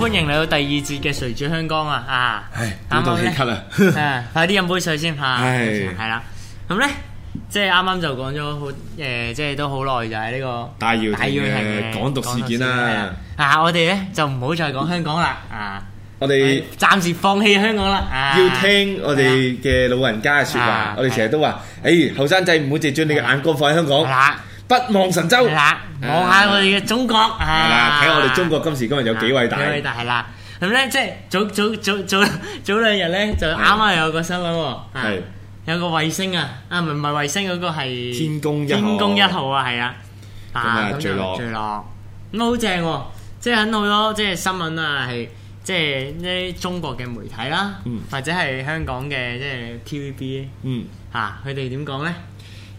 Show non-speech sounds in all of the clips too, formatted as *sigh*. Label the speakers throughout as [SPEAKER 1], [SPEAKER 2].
[SPEAKER 1] 歡迎嚟到第二節嘅《誰主香江》啊！
[SPEAKER 2] 啊，啱啱咧，
[SPEAKER 1] 快啲飲杯水先嚇，係啦。咁咧，即係啱啱就講咗好，誒，即係都好耐就係呢個戴耀廷嘅港獨事件啦。啊，我哋咧就唔好再講香港啦。
[SPEAKER 2] 啊，我哋暫時放棄香港啦。要聽我哋嘅老人家嘅説話，我哋成日都話，誒，後生仔唔好淨將你嘅眼光放喺香港，不忘神州，望下
[SPEAKER 1] 我哋嘅中國，睇我哋中國
[SPEAKER 2] 今時今日有幾偉大，幾偉大？
[SPEAKER 1] 係啦，咁咧，即係早早早早早兩日咧就啱啱有個新聞喎，有個衛星啊，啊，唔，唔係衛星，嗰個係天宮一號啊，係啊，
[SPEAKER 2] 啊，墜落墜
[SPEAKER 1] 落，咁好正喎，即係很好咯，即係新聞啊，係即係呢，中國嘅媒體啦，或者係香港嘅即係 TVB 嗯，吓，佢哋點講咧？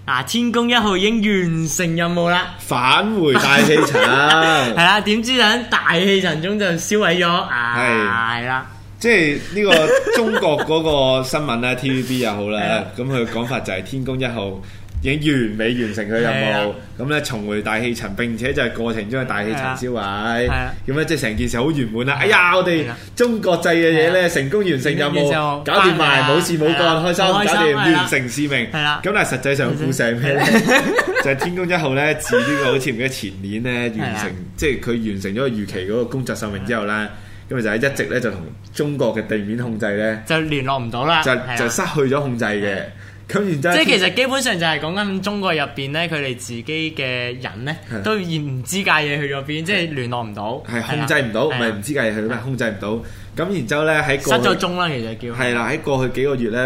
[SPEAKER 1] 嗱、啊，天宮一號已經完成任務啦，返回大氣層。係啦， *laughs* *laughs* 點知喺大氣層中就燒毀咗，
[SPEAKER 2] 係啦是。啊、即係呢個中國嗰個新聞啦，TVB 又好啦，咁佢講法就係天宮一號。 *laughs* 已經完美完成佢任務，咁咧重回大氣層，並且就係過程中嘅大氣層燒毀，咁咧即係成件事好圓滿啦！哎呀，我哋中國製嘅嘢咧成功完成任務，搞掂埋冇事冇干，開心，搞掂完成使命。係啦，咁但係實際上負咩片就係天宮一號咧，自呢個好似唔記得前年咧完成，即係佢完成咗預期嗰個工作壽命之後啦，咁就喺一直咧就同中國嘅地面控制咧就聯絡唔到啦，就就失去咗控制嘅。即係其實
[SPEAKER 1] 基本上就係講緊中國入邊咧，佢哋自己嘅人咧都唔知架嘢去咗邊，即係聯絡唔
[SPEAKER 2] 到，控制唔到，唔係唔知架嘢去咩？控制唔到，咁然之後咧喺過失咗蹤啦，其實叫係啦喺過去幾個月咧，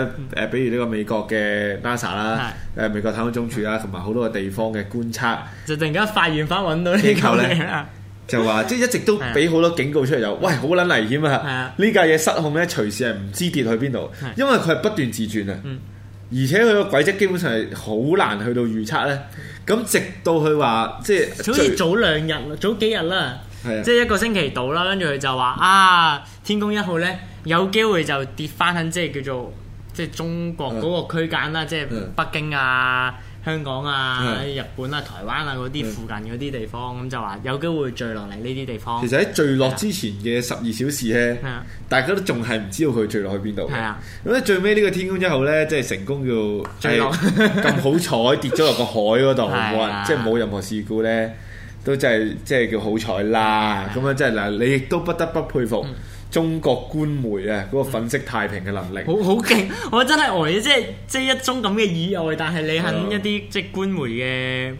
[SPEAKER 2] 誒，比如呢個美國嘅 NASA 啦，誒美國太空總署啦，同埋好多嘅地方嘅觀察，
[SPEAKER 1] 就突然間發現翻揾到呢嚿嘢咧，
[SPEAKER 2] 就話即係一直都俾好多警告出嚟，又喂好撚危險啊！呢架嘢失控咧，隨時係唔知跌去邊度，因為佢係不斷自轉啊。而且佢個軌跡基本上係好難去到預測呢。咁直到佢話即係好似早兩日，早幾日啦，即係是的 一
[SPEAKER 1] 個星期到啦，跟住佢就話啊，天宮一號呢，有機會就跌翻喺即係叫做即係中國嗰個區間啦，是的 即係北京啊。是的 嗯香港啊、日本啊、台灣啊嗰啲附近嗰啲地方，咁就話有機會墜落嚟呢啲地方。其實喺墜落之
[SPEAKER 2] 前嘅十二小時咧，大家都仲係唔知道佢墜落去邊度啊，咁咧最尾呢個天宮一號咧，即係成功叫墜落，咁好彩跌咗落個海嗰度，冇人即係冇任何事故咧，都真係即係叫好彩啦。咁樣即係嗱，你亦都不得不佩服。中國官媒啊，嗰個粉飾太平嘅能力，嗯，好好勁，
[SPEAKER 1] 我真係呆啊！即係即係一宗咁嘅意外，但係你喺一啲的即係官媒嘅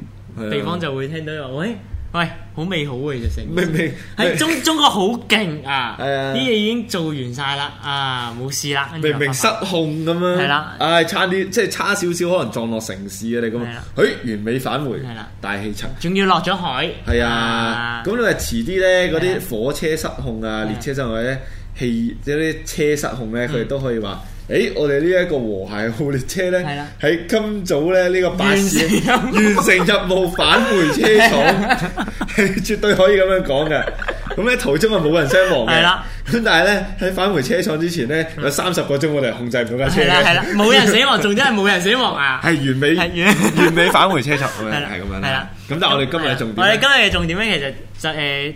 [SPEAKER 1] 地方就會聽到話，喂的。喂，好美好啊？其實明明喺中
[SPEAKER 2] 中國好勁啊！啲嘢已
[SPEAKER 1] 經做完晒啦，啊冇事啦。
[SPEAKER 2] 明明失控咁樣，係啦，唉差啲，即係差少少可能撞落城市啊！你咁樣，誒完美返回，大氣層仲要落咗海。係啊，咁你話遲啲咧，嗰啲火車失控啊，列車失控咧，氣即啲車失控咧，佢哋都可以話。誒，我哋呢一個和諧號列車咧，喺今早咧呢個巴士完成任務返回車廠，絕對可以咁樣講嘅。咁咧途中啊冇人傷亡嘅，咁但係咧喺返回車廠之前咧有三十個鐘我哋控制唔到架車嘅，冇人死
[SPEAKER 1] 亡，仲真係冇人死亡啊，
[SPEAKER 2] 係完美，完美返回車廠，係咁樣，咁但係我哋今日重點，我哋
[SPEAKER 1] 今日嘅重點咧其實就誒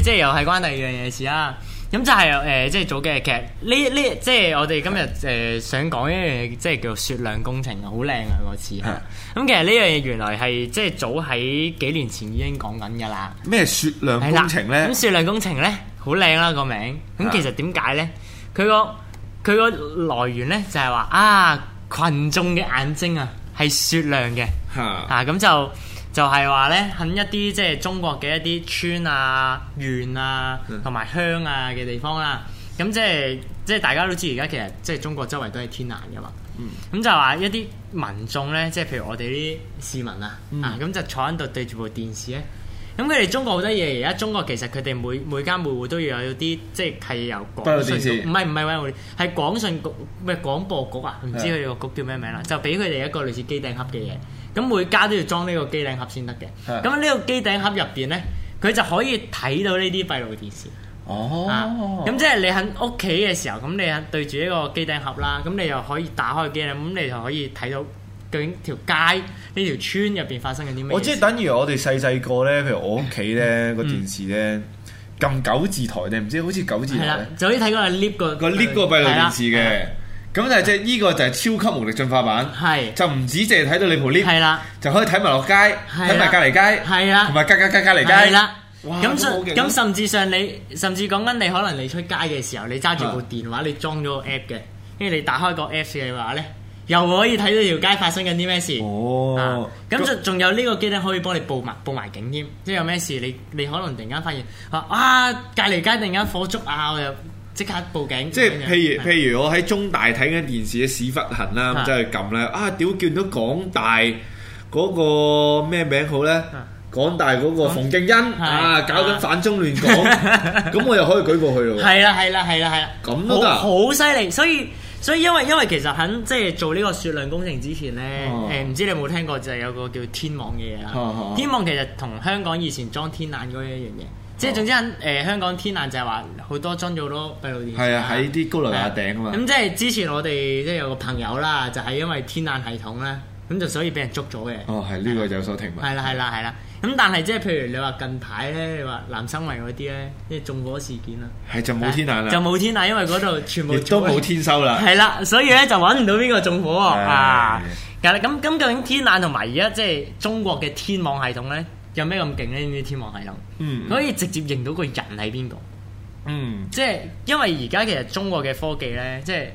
[SPEAKER 1] 誒，即係又係關第二樣嘢事啦。咁、嗯、就係、是、誒、呃，即係早嘅劇呢？呢即係我哋今日誒、呃、想講一樣嘢，即係叫做雪亮工程亮啊，好靚啊個詞嚇！咁、嗯嗯、其實呢樣嘢原來係即係早喺幾年前已經講緊噶啦。
[SPEAKER 2] 咩雪、嗯、雪亮工程
[SPEAKER 1] 咧？咁雪亮工程咧，好靚啦個名。咁、嗯嗯、其實點解咧？佢個佢個來源咧，就係、是、話啊，群眾嘅眼睛啊，係雪亮嘅嚇，咁、嗯嗯嗯、就。就係話咧，喺一啲即係中國嘅一啲村啊、縣啊、同埋鄉啊嘅地方啦、啊。咁即係即係大家都知，而家其實即係、就是、中國周圍都係天眼嘅嘛。咁、嗯、就話一啲民眾咧，即、就、係、是、譬如我哋啲市民啊，嗯、啊咁就坐喺度對住部電視咧、啊。咁佢哋中國好多嘢，而家中國其實佢哋每每家每戶都要有啲即係係由，不老唔係唔係委會，係廣信局，唔係廣播局啊，唔知佢個局叫咩名啦、啊，就俾佢哋一個類似機頂盒嘅嘢。咁每家都要裝呢個機頂盒先得嘅。咁喺呢個機頂盒入邊咧，佢就可以睇到呢啲閉路電視。哦、啊，咁即係你喺屋企嘅時候，咁你喺對住呢個機頂盒啦，咁你又可以打開機啦，咁你就可以睇到究竟條街呢條村入邊發生緊啲咩事？我即係
[SPEAKER 2] 等於我哋細細個咧，譬如我屋企咧個電視咧，撳九字台咧，唔知好似九字台，字台就係睇嗰個 lift 個 lift 個閉路電視嘅。咁就係即係依個就係超級無力進化版，就唔止凈係睇到你部 lift，就可以睇埋落街，睇埋隔離街，同埋隔隔隔隔離街。
[SPEAKER 1] 咁甚咁甚至上你，甚至講緊你可能你出街嘅時候，你揸住部電話，你裝咗個 app 嘅，跟住你打開個 app 嘅話咧，又可以睇到條街發生緊啲咩事。哦，咁就仲有呢個機咧，可以幫你報埋報埋警添，即係有咩事你你可能突然間發現啊，隔離街突然間火燭啊，即刻報警！即係譬如譬
[SPEAKER 2] 如我喺中大睇緊電視嘅屎忽痕啦，咁走去撳咧啊！屌！見到港大嗰個咩名號咧？港大嗰個馮敬恩啊，搞緊反中亂港，咁我又可以舉過去咯喎！係
[SPEAKER 1] 啦係啦係啦係啦！咁都得，好犀利！所以所以因為因為其實喺即係做呢個雪亮工程之前咧，誒唔知你有冇聽過就係有個
[SPEAKER 2] 叫天網嘅嘢啊？天網
[SPEAKER 1] 其實同香港以前裝天眼嗰一樣嘢。即係總之，誒、呃、香港天眼就係話好多裝咗好多閉路電視，係啊，喺啲高樓大頂啊嘛。咁即係之前我哋即係有個朋友啦，就係、是、因為天眼系統咧，咁、嗯、就所以俾人捉咗嘅。
[SPEAKER 2] 哦，係呢的個有所停頓。係啦，
[SPEAKER 1] 係啦，係啦。咁但係即係譬如你話近排咧，話南生圍嗰啲咧，啲縱火事件啊，
[SPEAKER 2] 係就冇天眼啦，就冇
[SPEAKER 1] 天眼，因為嗰度全部亦都冇
[SPEAKER 2] 天收啦。係
[SPEAKER 1] 啦，所以咧就揾唔到邊個縱火喎啊！咁咁的、啊、究竟天眼同埋而家即係中國嘅天網系統咧？有咩咁勁咧？呢啲天網系統，嗯、可以直接認到個人係邊個？嗯，即係因為而家其實中國嘅科技咧，即係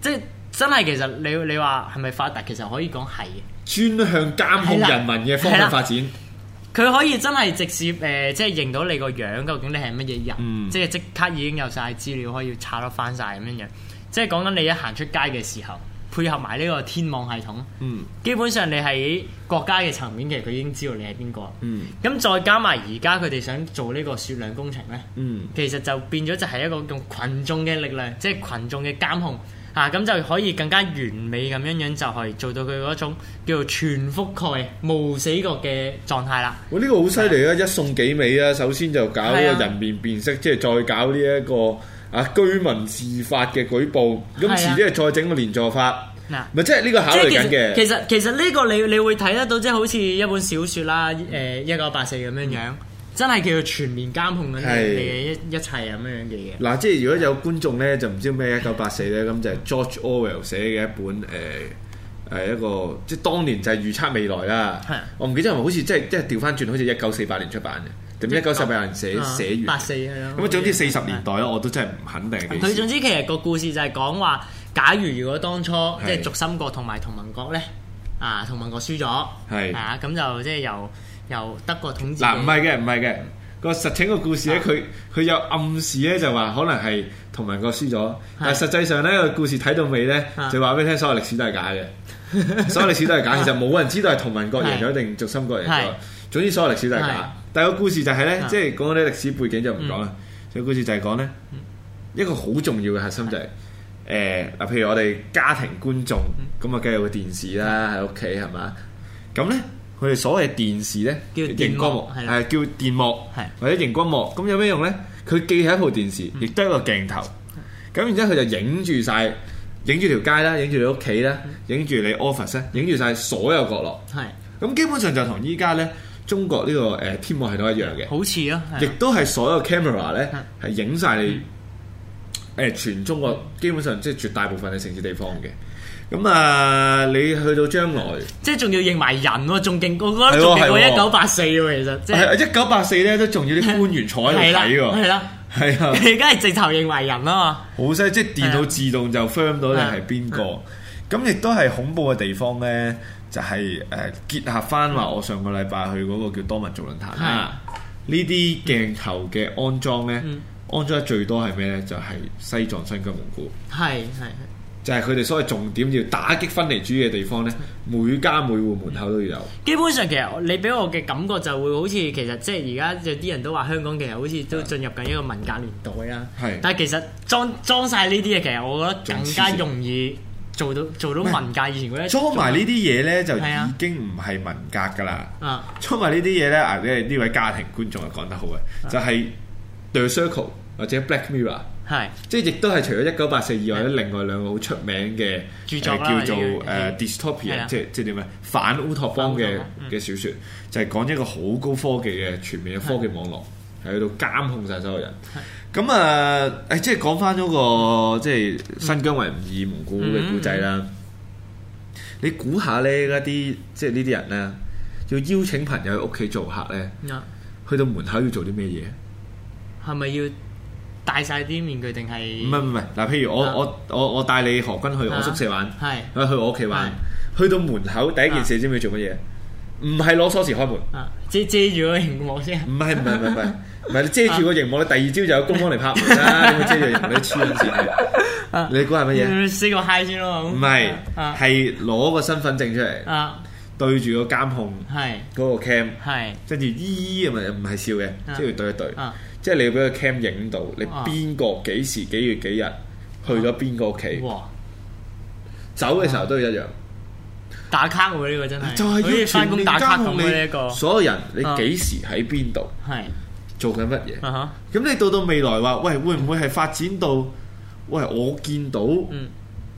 [SPEAKER 1] 即係真係其實你你話係咪發達？其實可以講係嘅，
[SPEAKER 2] 專向監控人民嘅方向啦發展。
[SPEAKER 1] 佢可以真係直接誒、呃，即係認到你個樣究竟你係乜嘢人？嗯、即係即刻已經有晒資料可以查得翻晒。咁樣樣。即係講緊你一行出街嘅時候。配合埋呢個天網系統，嗯、基本上你喺國家嘅層面，其實佢已經知道你係邊個。咁、嗯、再加埋而家佢哋想做呢個雪亮工程咧，嗯、其實就變咗就係一個用群眾嘅力量，即、就、係、是、群眾嘅監控嚇，咁、啊、就可以更加完美咁樣樣就係做到佢嗰種叫做全覆蓋、無死角嘅狀態啦。
[SPEAKER 2] 我呢、這個好犀利啊！的一送幾尾啊！首先就搞呢個人面辨識，的即係再搞呢、這、一個。啊！居民自發嘅舉報，咁遲啲又再整個連坐法，咪、啊、即係呢個考慮緊嘅。其
[SPEAKER 1] 實其實呢個你你會睇得到，即係好似一本小説啦，誒一九八四咁樣樣，嗯、真係叫做全面監控緊你嘅一是一切咁樣樣嘅
[SPEAKER 2] 嘢。嗱、啊，即係如果有觀眾咧，就唔知咩一九八四咧，咁 *laughs* 就係 George Orwell 寫嘅一本誒誒、呃、一個，即係當年就係預測未來啦。我唔記得係咪好似即係即係調翻轉，好似一九四八年出版嘅。點解一九世紀人寫寫完咁啊？總之四十年代咧，我都真係唔肯定。佢總之其實個故事就係講話，
[SPEAKER 1] 假如如果當初即係軸心國同埋同盟國咧，啊同盟國輸咗，係啊，咁就即係由由德國統治。嗱，唔係嘅，
[SPEAKER 2] 唔係嘅，個實情個故事咧，佢佢有暗示咧，就話可能係同盟國輸咗，但實際上咧個故事睇到尾咧，就話俾你聽，所謂歷史都係假嘅，所謂歷史都係假，其實冇人知道係同盟國贏咗定軸心國贏咗。總之所有歷史都係假，第二個故事就係咧，即係講啲歷史背景就唔講啦。個故事就係講咧，一個好重要嘅核心就係，誒嗱，譬如我哋家庭觀眾咁啊，梗係有電視啦，喺屋企係嘛，咁咧，佢哋所謂電視咧，叫熒光幕係叫電幕，或者熒光幕，咁有咩用咧？佢既係一部電視，亦都係一個鏡頭，咁然之後佢就影住晒，影住條街啦，影住你屋企啦，影住你 office，影住晒所有角落，係咁基本上就同依家咧。中國呢個誒天網系統一樣嘅，好似咯，亦都係所有 camera 咧，係影晒你誒，全中國基本上即係絕大部分嘅城市地方嘅。咁啊，你去到將來，即係仲要認埋人
[SPEAKER 1] 喎，仲勁過，我覺得仲勁過一九八四喎。其實
[SPEAKER 2] 即係一九八四咧，都仲要啲官員坐喺度睇喎，係啦，係啊，你而
[SPEAKER 1] 家係直頭認埋人啊嘛，
[SPEAKER 2] 好犀！即係電腦自動就 firm 到你係邊個，咁亦都係恐怖嘅地方咧。就係、是、誒結合翻話，我上個禮拜去嗰個叫多民做論壇啊！呢啲是的 鏡頭嘅安裝呢，嗯、安裝得最多係咩呢？就係、是、西藏、新疆、蒙古。
[SPEAKER 1] 係係係。
[SPEAKER 2] 就係佢哋所謂重點要打擊分離主義嘅地方呢。是的 每家每戶門口都要有。
[SPEAKER 1] 基本上其實你俾我嘅感覺就會好似其實即係而家有啲人都話香港其實好似都進入緊一個文革年代啊。是的 但係其實裝裝晒呢啲嘢，其實我覺得更加容易。做到做到文革以前嗰啲裝埋呢啲嘢
[SPEAKER 2] 咧，就已經唔係文革噶啦。裝埋呢啲嘢咧，啊，呢呢位家庭觀眾啊講得好嘅，就係 The Circle 或者 Black Mirror，係即係亦都係除咗一九八四以外，咧另外兩個好出名嘅著作啦，叫做誒 Dystopia，即係即係點啊？反烏托邦嘅嘅小説，就係講一個好高科技嘅全面嘅科技網絡，係去到監控晒所有人。咁啊！誒，即係講翻嗰個即係新疆維吾爾蒙古嘅古仔啦。你估下咧，嗰啲即係呢啲人咧，要邀請朋友去屋企做客咧，去到門口要做啲咩嘢？
[SPEAKER 1] 係咪要戴晒啲面具定係？唔係
[SPEAKER 2] 唔係嗱，譬如我我我我帶你何君去我宿舍玩，係去我屋企玩，去到門口第一件事知唔知做乜嘢？唔係攞鎖匙開門，遮遮住嗰個螢幕先。唔係唔係唔係。唔係你遮住個熒幕，你第二朝就有公安嚟拍門啦。遮住熒幕都黐線。你估係乜嘢？
[SPEAKER 1] 試個 high 先咯。唔係，係
[SPEAKER 2] 攞個身份證出嚟，對住個監控，嗰個 cam，跟住咿咿咁啊，唔係笑嘅，即係要對一對。即係你要俾個 cam 影到你邊個幾時幾月幾日去咗邊個屋企。哇！走嘅時候都要一樣
[SPEAKER 1] 打卡嘅喎，呢個真係。就係要翻工打卡咁樣呢個。所
[SPEAKER 2] 有人，你幾時喺邊度？係。做緊乜嘢？咁你到到未來話，喂，會唔會係發展到？喂，我見到，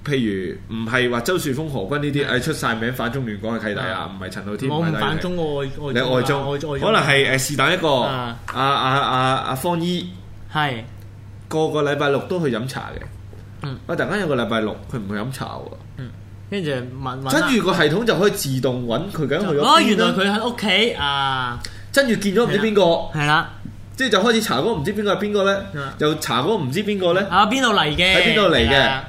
[SPEAKER 2] 譬如唔係話周樹峰、何君呢啲誒出晒名反中亂港嘅契弟啊，唔係陳浩天，我唔反中，我我你愛中，可能係誒是但一個阿阿阿阿方姨，係個個禮拜六都去飲茶嘅。我突然間有個禮拜六佢唔去飲茶嘅，
[SPEAKER 1] 跟住問，
[SPEAKER 2] 真係個系統就可以自動揾佢，而家去咗邊？哦，原來佢喺屋企啊！跟住見咗唔知邊個，係啦，即係就開始查嗰個唔知邊個係邊個咧，就查嗰個唔知邊個咧，啊邊度嚟嘅？喺邊度嚟嘅？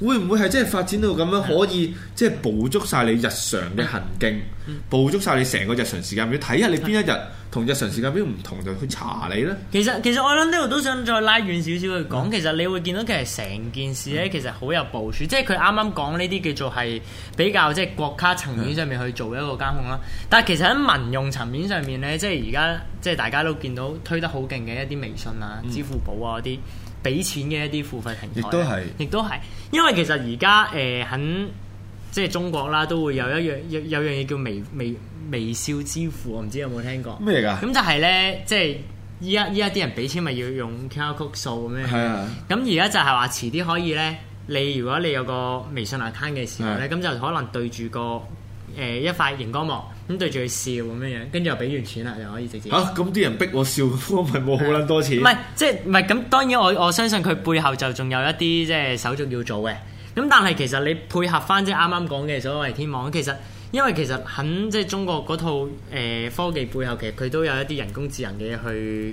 [SPEAKER 2] 會唔會係真係發展到咁樣的可以即係捕捉晒你日常嘅行徑，嗯、捕捉晒你成個日常時間表？睇下、嗯、你邊一日同、嗯、日常時間表唔同，就去查你啦。其實其
[SPEAKER 1] 實我諗呢度都想再拉遠少少去講，嗯、其實你會見到其實成件事呢，其實好有部署，嗯、即係佢啱啱講呢啲叫做係比較即係國家層面上面去做一個監控啦。嗯、但係其實喺民用層面上面呢，即係而家即係大家都見到推得好勁嘅一啲微信啊、支付寶啊嗰啲。嗯俾錢嘅一啲付費平台，亦都係，亦都係，因為其實而家誒，喺、呃、即係中國啦，都會有一樣有有樣嘢叫微微微笑支付，我唔知有冇聽過？咩嚟㗎？咁就係咧，即係依家依家啲人俾錢咪要用 QR code 數咩？係啊的。咁而家就係話遲啲可以咧，你如果你有個微信 account 嘅時候咧，咁的就可能對住個。誒、呃、一塊熒光幕，咁對住佢笑咁樣樣，跟住又俾完錢啦，又可以直接嚇。
[SPEAKER 2] 咁啲、啊、人逼我笑，嗯、我咪冇好撚多錢。唔係、
[SPEAKER 1] 啊，即係唔係咁當然我我相信佢背後就仲有一啲即係手續要做嘅。咁但係其實你配合翻即係啱啱講嘅所謂天網，其實因為其實喺即係中國嗰套誒、呃、科技背後，其實佢都有一啲人工智能嘅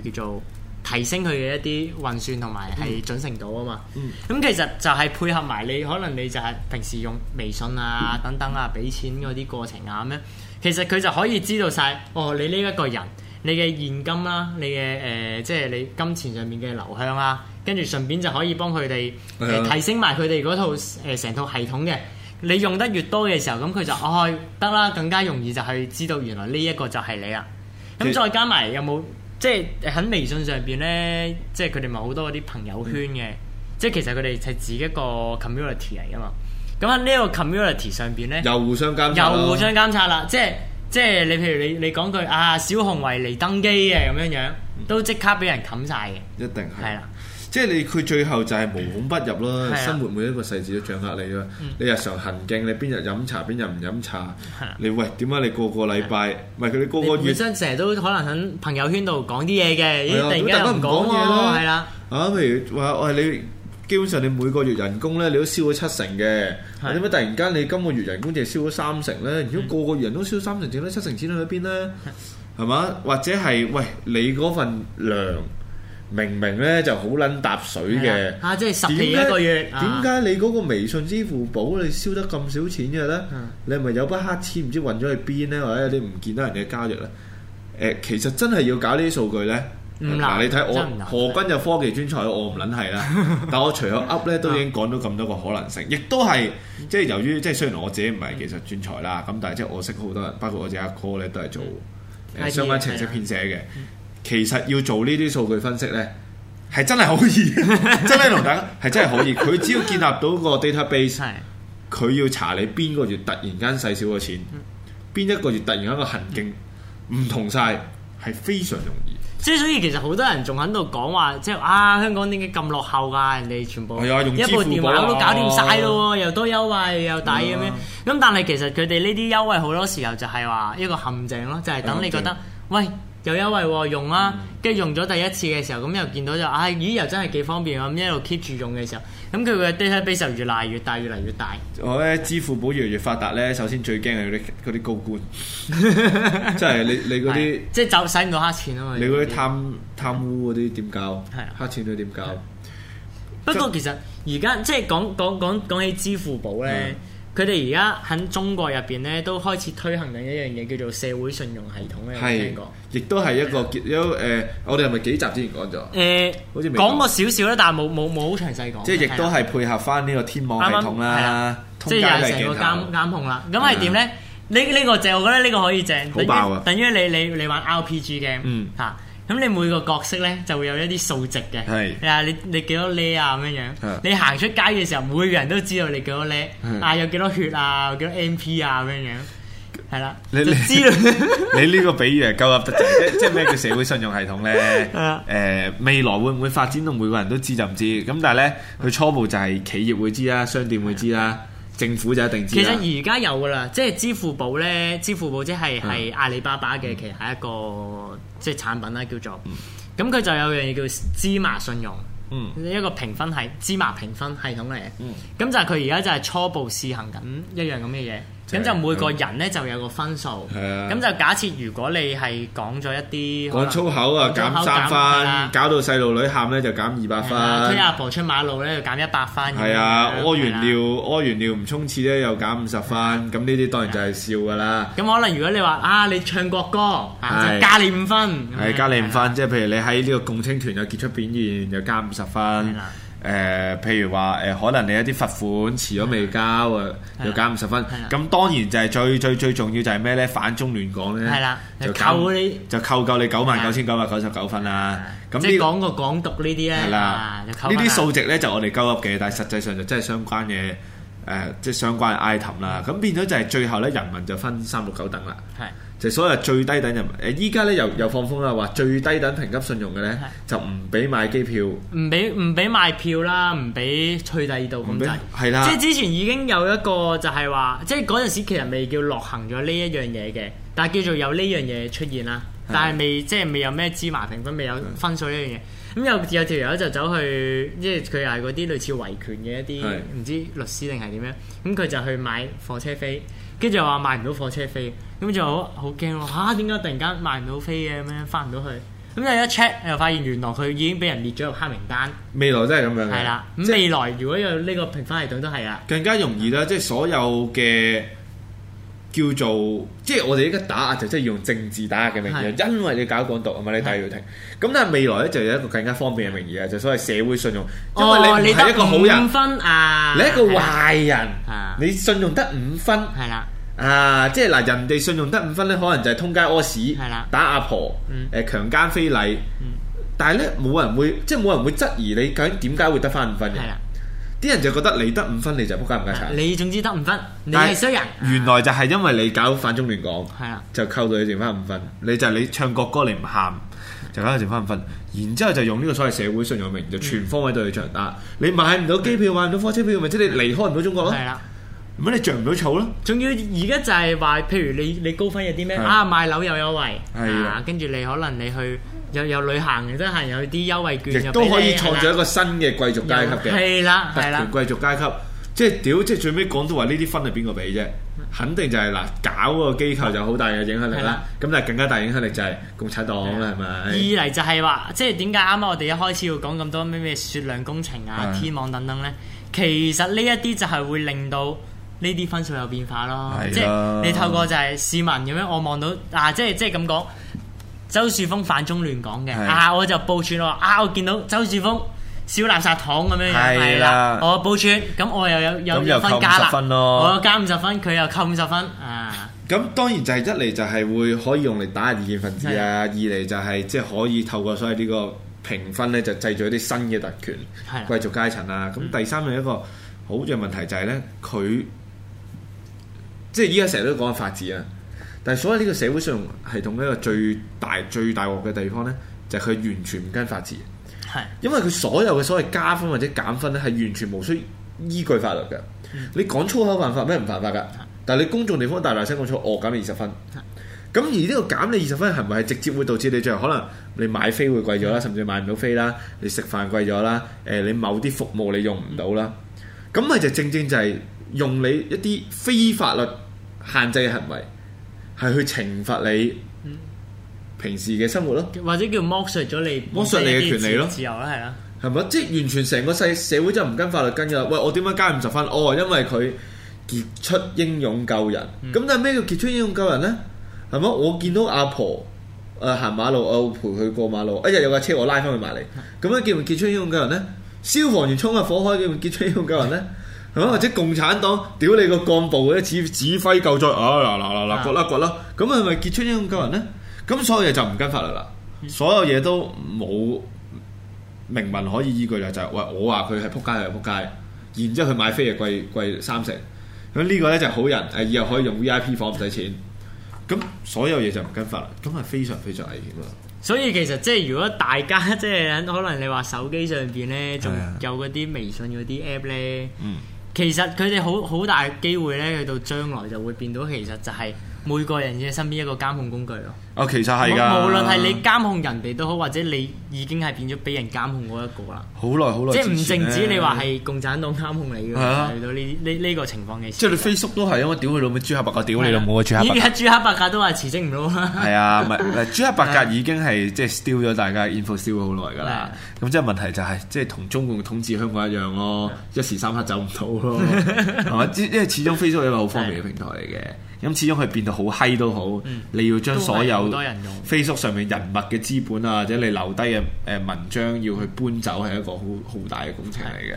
[SPEAKER 1] 去叫做。提升佢嘅一啲運算同埋係準成度啊嘛，咁、嗯、其實就係配合埋你，可能你就係平時用微信啊等等啊俾錢嗰啲過程啊咁樣，其實佢就可以知道晒哦，你呢一個人，你嘅現金啦、啊，你嘅誒、呃、即係你金錢上面嘅流向啊，跟住順便就可以幫佢哋、嗯呃、提升埋佢哋嗰套誒成、呃、套系統嘅。你用得越多嘅時候，咁佢就，哦，得啦，更加容易就係知道原來呢一個就係你啊。咁其再加埋有冇？即係喺微信上邊咧，即係佢哋咪好多啲朋友圈嘅，嗯、即係其實佢哋係自己一個 community 嚟噶嘛。咁喺呢個 community 上邊咧，又互相監又互相監察啦。即係即係你譬如你你講句啊，小熊維尼登基嘅咁樣樣，都即刻俾人冚晒
[SPEAKER 2] 嘅，一定係啦。即係你佢最後就係無孔不入咯，生活每一個細節都掌握你㗎。你日常行徑，你邊日飲茶，邊日唔飲茶。你喂點解你個個禮拜，唔係佢哋個個月，本身
[SPEAKER 1] 成日都可能喺朋友圈度講啲嘢嘅，而家突然間又唔講嘢咧，係啦。
[SPEAKER 2] 啊，譬如話我係你，基本上你每個月人工咧，你都燒咗七成嘅，點解突然間你今個月人工淨係燒咗三成咧？如果個個月人都燒三成，剩低七成錢去咗邊咧？係嘛？或者係喂你嗰份糧。明明咧就好撚搭水嘅，嚇、啊、即係十一個月。點解、啊、你嗰個微信支付寶你燒得咁少錢嘅咧？啊、你係咪有筆黑錢唔知運咗去邊咧，或者你唔見到人嘅交易咧？誒、呃，其實真係要搞呢啲數據咧。唔難，真唔難。嗱你睇我何君就科技專才，我唔撚係啦。 *laughs* 但我除咗 Up 咧，都已經講到咁多個可能性，亦都係即係由於即係雖然我自己唔係技術專才啦，咁、嗯、但係即係我識好多人，包括我自己阿哥咧都係做相關程式編寫嘅。嗯嗯。其實要做呢啲數據分析呢，係真係可以。真係同大家係真係可以。佢只要建立到個 database，佢 *laughs* 要查你邊個月突然間使少個錢，邊一個月突然間一個行徑唔同晒，係非常容易。即係所以其實好多人仲喺度
[SPEAKER 1] 講話，即係啊香港點解咁落後㗎、啊？人哋全部係啊用一部電話都搞掂晒咯，又多、啊又啊 *laughs* 啊、優惠又抵咁樣。咁但係其實佢哋呢啲優惠好多時候就係話一個陷阱咯，就係、是、等你覺得 *laughs* 喂。有優惠喎，用啦、啊，跟住用咗第一次嘅時候，咁又見到就，唉、啊，咦又真係幾方便喎，咁一路 keep 住用嘅時候，咁佢嘅 database 就越嚟越，越，越大，越
[SPEAKER 2] 嚟越大。我咧支付寶越嚟越發達咧，首先最驚係嗰啲啲高官， *laughs* 即係你你嗰啲，即
[SPEAKER 1] 係就使唔到黑錢啊嘛。你嗰啲
[SPEAKER 2] 貪貪污嗰啲點搞？係啊的，黑錢都啲點搞？
[SPEAKER 1] 不過其實而家即係講講講講起支付寶咧。嗯佢哋而家喺中國入邊咧，都開始推行另一樣嘢叫做社會信用系統咧。有冇聽過？
[SPEAKER 2] 亦都係一個結，有、呃、我哋係咪幾集之前講咗？
[SPEAKER 1] 誒、呃，講過少少啦，但係冇冇冇好詳細講。即係亦都係
[SPEAKER 2] 配合翻呢個天網系統剛剛啦。即係有成個監
[SPEAKER 1] 監控啦。咁係點咧？呢呢、嗯呢個正，我覺得呢個可以正。好爆啊！等於你你你玩 RPG game，嗯嚇。咁你每個角色咧就會有一啲數值嘅，啊是你你幾多叻啊咁樣樣，的你行出街嘅時候，每個人都知道你幾的、啊、多叻，啊有幾多血啊，幾多 MP 啊咁樣樣，係
[SPEAKER 2] 啦你，就知你呢 *laughs* 個比喻係夠啊，即係咩叫社會信用系統咧？誒的、呃，未來會唔會發展到每個人都知就唔知？咁但係咧，佢初步就係企業會知啦，商店會知啦。的政府就一定知。其實而
[SPEAKER 1] 家有噶啦，即係支付寶咧，支付寶即係係阿里巴巴嘅，其實係一個、嗯、即係產品啦，叫做。咁佢就有樣嘢叫芝麻信用，嗯、一個評分係芝麻評分系統嚟嘅。咁、嗯、就係佢而家就係初步試行緊一樣咁嘅嘢。咁就每個人咧就有個分數，咁就假設如果你係講咗一啲講粗
[SPEAKER 2] 口啊，減三分，搞到細路女喊咧就減二百分，阿
[SPEAKER 1] 婆出馬路咧就減一百分，係啊，屙
[SPEAKER 2] 完尿屙完尿唔沖廁咧又減五十分，咁呢啲當然就係笑噶啦。
[SPEAKER 1] 咁可能如果你話啊，你唱國歌，就加你五分，係加
[SPEAKER 2] 你五分，即係譬如你喺呢個共青團又結出表現又加五十分。誒、呃，譬如話誒、呃，可能你一啲罰款遲咗未交啊，要減五十分。咁的當然就係最最最重要就係咩咧？反中亂港咧，就扣嗰就扣夠你九萬九千九百九十九分啦。咁即係講個
[SPEAKER 1] 港獨呢啲咧，呢啲數
[SPEAKER 2] 值咧就我哋交入嘅，但係實際上就真係相關嘅誒、呃，即係相關 item 啦。咁變咗就係最後咧，人民就分三六九等啦。的就所謂最低等人民，誒、依家咧又又放風啦，話最低等評級信用嘅咧是的 就唔俾買機票，唔
[SPEAKER 1] 俾唔俾買票啦，唔俾去第二度咁滯，係啦。即係之前已經有一個就係話，即係嗰陣時其實未叫落行咗呢一樣嘢嘅，但係叫做有呢樣嘢出現啦，但係未是的 即係未有咩芝麻評分，未有分數呢樣嘢。咁有有條友就走去，即係佢又係嗰啲類似維權嘅一啲，唔是知律師定係點樣。咁佢就去買火車飛，跟住又話買唔到火車飛，咁就好好驚喎嚇！點解、啊、突然間買唔到飛嘅咁樣，翻唔到去？咁又一 check 又發現原來佢已經俾人列咗入黑名單。
[SPEAKER 2] 未來真係咁樣嘅。係啦了，
[SPEAKER 1] 即未來如果有呢個評分系統都係啊。
[SPEAKER 2] 更加容易啦，對即係所有嘅。叫做即係我哋依家打壓就真係要用政治打壓嘅名義，因為你搞港獨啊嘛，你戴耀廷。咁但係未來咧就有一個更加方便嘅名義啊，就所謂社會信用，因為你唔係一個好人，
[SPEAKER 1] 你一個壞
[SPEAKER 2] 人，你信用得五分。係啦，啊，即係嗱，人哋信用得五分咧，可能就係通街屙屎，打阿婆，誒強姦非禮。但係咧冇人會，即係冇人會質疑你究竟點解會得翻五分嘅。啲人就覺得你得五分，你就仆街唔加柴。你總之得
[SPEAKER 1] 五分，你係衰人。
[SPEAKER 2] 原來就係因為你搞反中亂港，是的 就扣到你剩翻五分。你就你唱國歌你唔喊，就係剩翻五分。然之後就用呢個所謂社會信用名就全方位對你着打。嗯、你買唔到機票是的 買唔到火車票咪即係你離開唔到中國咯。係啦，咁你着唔到草咯。仲要而家就係話，譬如你你高分有啲咩是的 啊？
[SPEAKER 1] 買樓有優惠，跟住你可能你去。有有旅行嘅，都係有啲優惠券都可以創造一
[SPEAKER 2] 個新嘅貴族階級嘅，係啦係啦，貴族階級，即係屌，即係最尾講到話呢啲分係邊個俾啫？肯定就係、是、嗱，搞個機構就好大嘅影響力啦。咁但係更加大影響力就係共產黨啦，係咪的？吧二嚟
[SPEAKER 1] 就係話，即係點解啱啱我哋一開始要講咁多咩咩雪亮工程啊、天網等等咧？其實呢一啲就係會令到呢啲分數有變化咯。的即係你透過就係市民咁樣我，我望到啊，即係即係咁講。周樹峰反中亂講嘅，是的 啊，我就報串我啊，我見到周樹峰燒垃圾桶咁樣樣，是的 啦，我報串，咁我又有有分加分啦，我加五十分，佢又扣五十分，
[SPEAKER 2] 啊，咁當然就係一嚟就係會可以用嚟打異見分子啊，是的 二嚟就係即係可以透過所謂呢個評分咧，就製造一啲新嘅特權是的 貴族階層啊，咁第三係一個好重要問題就係咧，佢、嗯、即係依家成日都講法治啊。但係，所謂呢個社會上系統呢個最大最大鑊嘅地方呢，就係、是、佢完全唔跟法治。係，是的 因為佢所有嘅所謂加分或者減分呢，係完全無需依據法律嘅。你講粗口犯法咩唔犯法㗎？但係你公眾地方大喇喇講粗，我減你二十分。咁而呢個減你二十分行為係直接會導致你最後可能你買飛會貴咗啦，甚至買唔到飛啦。你食飯貴咗啦，誒你某啲服務你用唔到啦。咁咪就正正就係用你一啲非法律限制嘅行為。係去懲罰你平時嘅生活咯，或者叫剝削咗你剝削你嘅權利咯，自由啦，係啊，係咪？ *noise* 即係完全成個世社會就唔跟法律跟嘅啦。喂，我點解加唔十分？哦，因為佢傑出英勇救人。咁、嗯、但係咩叫傑出英勇救人咧？係咪？我見到阿婆誒、呃、行馬路，我陪佢過馬路，哎、一日有架車我拉翻佢埋嚟。咁樣叫唔叫傑出英勇救人咧？消防員衝入火海叫唔叫傑出英勇救人咧？ *noise* 或者共產黨屌你個幹部嘅指指揮救災啊！嗱嗱嗱嗱，掘啦掘啦，咁係咪結出呢咁救人咧？咁所有嘢就唔跟法律啦，所有嘢都冇明文可以依據啦，就係、是、我話佢係撲街係撲街，然之後佢買飛又貴貴三成，咁、這、呢個咧就係好人，誒以後可以用 V I P 房唔使錢，咁所有嘢就唔跟法律，咁係非常非常危險啊！
[SPEAKER 1] 所以其實即係如果大家即係可能你話手機上邊咧，仲有嗰啲微信嗰啲 app 咧，嗯。其實佢哋好好大機會咧，去到將來就會變到其實就係、是。每個人嘅身邊一個監控工具咯。
[SPEAKER 2] 啊，其實係㗎。無論係你
[SPEAKER 1] 監控人哋都好，或者你已經係變咗俾人監控嗰一個啦。
[SPEAKER 2] 好耐好耐，即係唔淨止你話係
[SPEAKER 1] 共產黨監控你㗎，去到呢呢呢個情況嘅事。即係你
[SPEAKER 2] Facebook 都係因為屌佢老母豬黑白鴿，屌你老母啊！依家
[SPEAKER 1] 豬黑白鴿都話辭職唔到啦。係
[SPEAKER 2] 啊，咪豬黑白鴿已經係即係丟咗大家 info 好耐㗎啦。咁即係問題就係即係同中共統治香港一樣咯，一時三刻走唔到咯。係嘛？因為始終 Facebook 係一個好方便嘅平台嚟嘅。咁始終佢變到好閪都好，嗯、你要將所有 Facebook 上面人物嘅資本啊，嗯、或者你留低嘅誒文章要去搬走，係一個好好大嘅工程嚟嘅。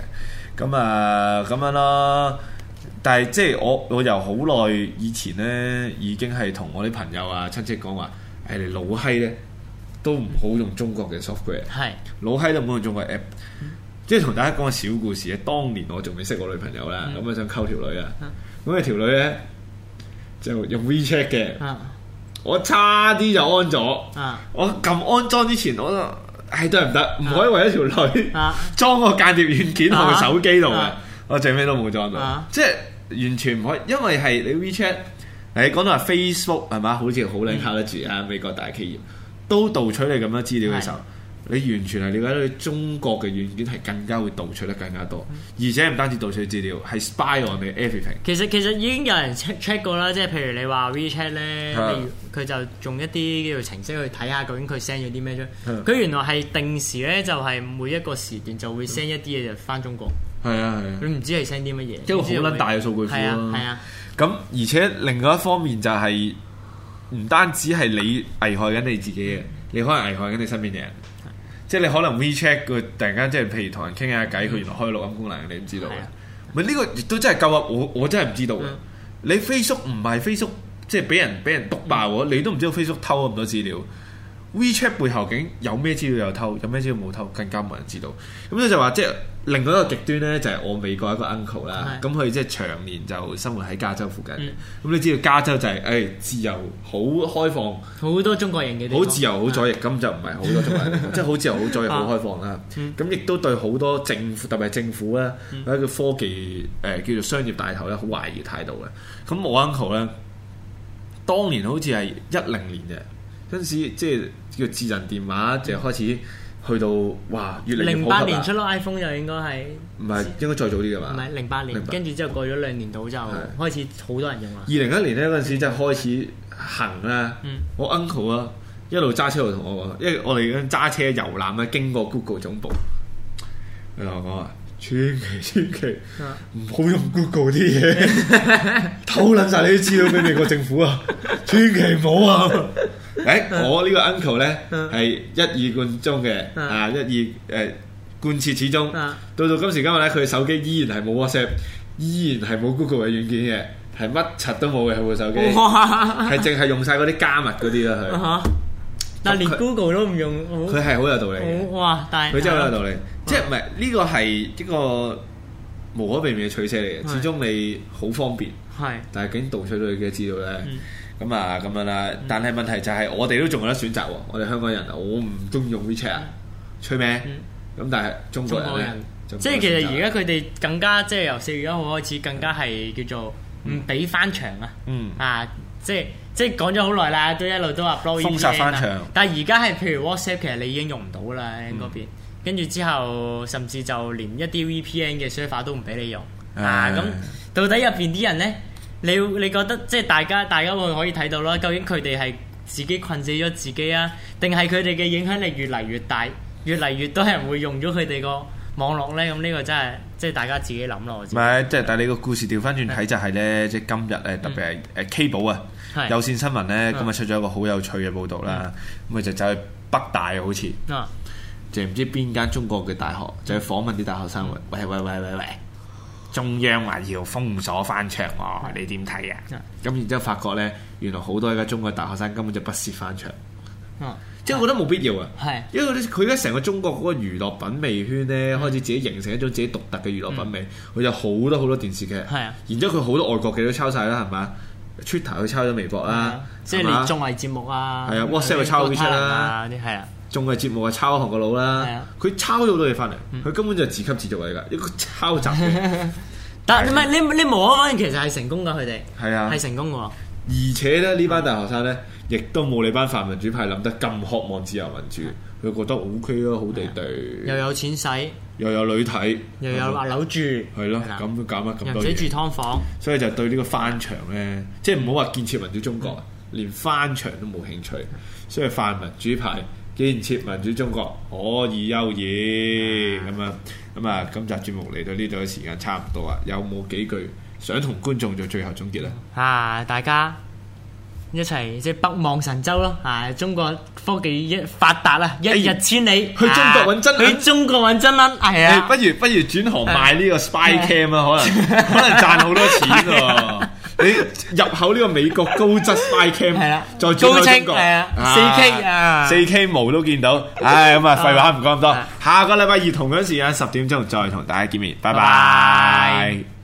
[SPEAKER 2] 咁、嗯、啊咁樣咯，但係即係我我由好耐以前咧，已經係同我啲朋友啊親戚講話，你老閪咧都唔好用中國嘅 software，係老閪都唔好用中國 app、嗯。即係同大家講個小故事啊，當年我仲未識我女朋友啦，咁我想溝條女啊，咁你條女咧。嗯就用 WeChat 嘅，我差啲就安咗。我撳安裝之前，我都係真唔得，唔、哎、可以為一條女裝、啊、個間諜軟件喺手機度嘅。我最尾都冇裝到，啊啊、即係完全唔可以，因為係你 WeChat，你講到係 Facebook 係嘛？好似好靚靠得住啊，嗯、美國大企業都盜取你咁多資料嘅時候。嗯嗯你完全係了解到中國嘅軟件係更加會盜取得更加多，嗯、而且唔單止盜取資料，係 spy on everything。其
[SPEAKER 1] 實其實已經有人 check 過啦，即係譬如你話 WeChat 咧、啊，佢就用一啲叫做程式去睇下究竟佢 send 咗啲咩啫。佢、啊、原來係定時咧，就係每一個時段就會 send 一啲嘢就翻中國。係啊係
[SPEAKER 2] 啊，佢唔
[SPEAKER 1] 知係 send 啲乜嘢，一個好撚大嘅數據庫咯。係啊係啊。
[SPEAKER 2] 咁而且另外一方面就係、是、唔單止係你危害緊你自己嘅，你可能危害緊你身邊嘅人。即係你可能 WeChat 佢，突然間即係譬如同人傾下偈，佢原來開錄音功能，你唔知道嘅。唔係呢是、啊、個亦都真係夠啊！我我真係唔知道嘅。你 Facebook 唔係 Facebook，即係俾人俾人督爆，嗯、你都唔知道 Facebook 偷咗咁多資料。WeChat 背後竟有咩資料又偷，有咩資料冇偷，更加冇人知道。咁咧就話即係另外一個極端咧，就係、是、我美國一個 uncle 啦是。咁佢即係長年就生活喺加州附近。咁、嗯、你知道加州就係、是、誒、哎、自由、好開放、
[SPEAKER 1] 好多中國人嘅地方。好自由、好左
[SPEAKER 2] 翼，咁是就唔係好多中種人中國人。即係好自由、好左翼、好開放啦。咁亦都對好多政府，特別係政府咧，者、嗯、個科技誒、呃、叫做商業大頭咧，好懷疑態度嘅。咁我 uncle 咧，當年好似係一零年嘅。嗰陣時即係叫智能電話就開始去到哇，越嚟越普及啦。零八年出
[SPEAKER 1] 咗 iPhone 就應該係，
[SPEAKER 2] 唔係應該再早啲嘅嘛？唔係零八年，跟
[SPEAKER 1] 住年之後過咗兩年到就開始好多人用啦。二
[SPEAKER 2] 零一年呢，嗰陣時真係開始行啦。嗯、我 uncle 啊一路揸車路同我講，因為我哋已經揸車遊覽咧經過 Google 總部，佢同我講啊：，千祈千祈唔好用 Google 啲嘢，偷捻晒你啲資料俾美國政府 *laughs* 啊，千祈唔好啊！誒，我呢個 uncle 咧係一以貫中嘅，啊，一以誒貫徹始終。到到今時今日咧，佢手機依然係冇 WhatsApp，依然係冇 Google 嘅軟件嘅，係乜柒都冇嘅佢部手機，係淨係用晒嗰啲加密嗰啲啦佢。但係
[SPEAKER 1] 連 Google 都唔用，佢係好有道理哇！但係佢真係好有道
[SPEAKER 2] 理，即係唔係呢個係一個無可避免嘅取捨嚟嘅，始終你好方便係，但係竟盜取咗你嘅資料咧。咁啊，咁樣啦，但係問題就係我哋都仲有得選擇喎、啊，我哋香港人，啊，我唔中意用 WeChat 啊，吹咩嗎？咁、嗯、但係中國人咧，中國人即係其實而家
[SPEAKER 1] 佢哋更加即係由四月一號開始，更加係叫做唔俾翻牆啊，嗯嗯、啊，即係即係講咗好耐啦，都一路都話 block VPN 但係而家係譬如 WhatsApp 其實你已經用唔到啦喺嗰邊，跟住、嗯、之後甚至就連一啲 VPN 嘅 server 都唔俾你用，啊，咁到底入邊啲人咧？你你覺得即係大家大家會可以睇到啦，究竟佢哋係自己困死咗自己啊，定係佢哋嘅影響力越嚟越大，越嚟越多人會用咗佢哋個網絡呢？咁、嗯、呢、這個真係即係大家自己諗咯。唔係
[SPEAKER 2] 即係但係你個故事調翻轉睇就係、是、呢，即係今日特別係 K 寶啊，有線新聞呢，今日出咗一個好有趣嘅報導啦。咁佢、嗯、就走去北大好似，嗯、就唔知邊間中國嘅大學，就去訪問啲大學生活。喂喂喂喂喂！中央話要封鎖翻牆，我問你點睇啊？咁然之後發覺咧，原來好多而家中國大學生根本就不屑翻牆，即係我覺得冇必要啊。係因為佢而家成個中國嗰個娛樂品味圈咧，開始自己形成一種自己獨特嘅娛樂品味。佢有好多好多電視劇，係啊，然之後佢好多外國嘅都抄晒啦，係嘛？Twitter 佢抄咗微博啦，即係連綜藝節目
[SPEAKER 1] 啊，係啊，WhatsApp 佢抄佢出啦，啲啊。
[SPEAKER 2] 綜藝嘅節目係抄韓國佬啦，佢抄咗好多嘢翻嚟，佢根本就自給自足嚟噶，一個抄襲。但係唔係你你無
[SPEAKER 1] 可否認，其實係成功噶佢哋，係啊，係成功噶喎。
[SPEAKER 2] 而且咧，呢班大學生咧，亦都冇你班泛民主派諗得咁渴望自由民主，佢覺得 OK 咯，好地地又有錢使，又有女睇，又有樓住，係咯，咁都搞乜咁多自己住劏房，所以就對呢個翻牆咧，即係唔好話建設民主中國，連翻牆都冇興趣，所以泛民主派。建設民主中國可以休矣。咁樣咁啊！今集節目嚟到呢度嘅時間差唔多啊，有冇幾句想同觀眾做最後總結咧？
[SPEAKER 1] 啊！大家一齊即係北望神州咯！啊，中國科技一發達啦，一日千里。哎啊、去中國揾真
[SPEAKER 2] 撚，去中國揾真撚，係啊，啊、哎！不如不如轉行賣呢個 spy cam 啊，可能 *laughs* 可能賺好多錢喎、啊。 *laughs* 你入口呢個美國高質 spy cam，啊、再租俾中國，四、啊啊、K 啊，四 K 毛都見到，唉，咁、哦、啊，廢話唔講咁多，下個禮拜二同樣時間十點鐘再同大家見面，拜拜。拜拜拜拜。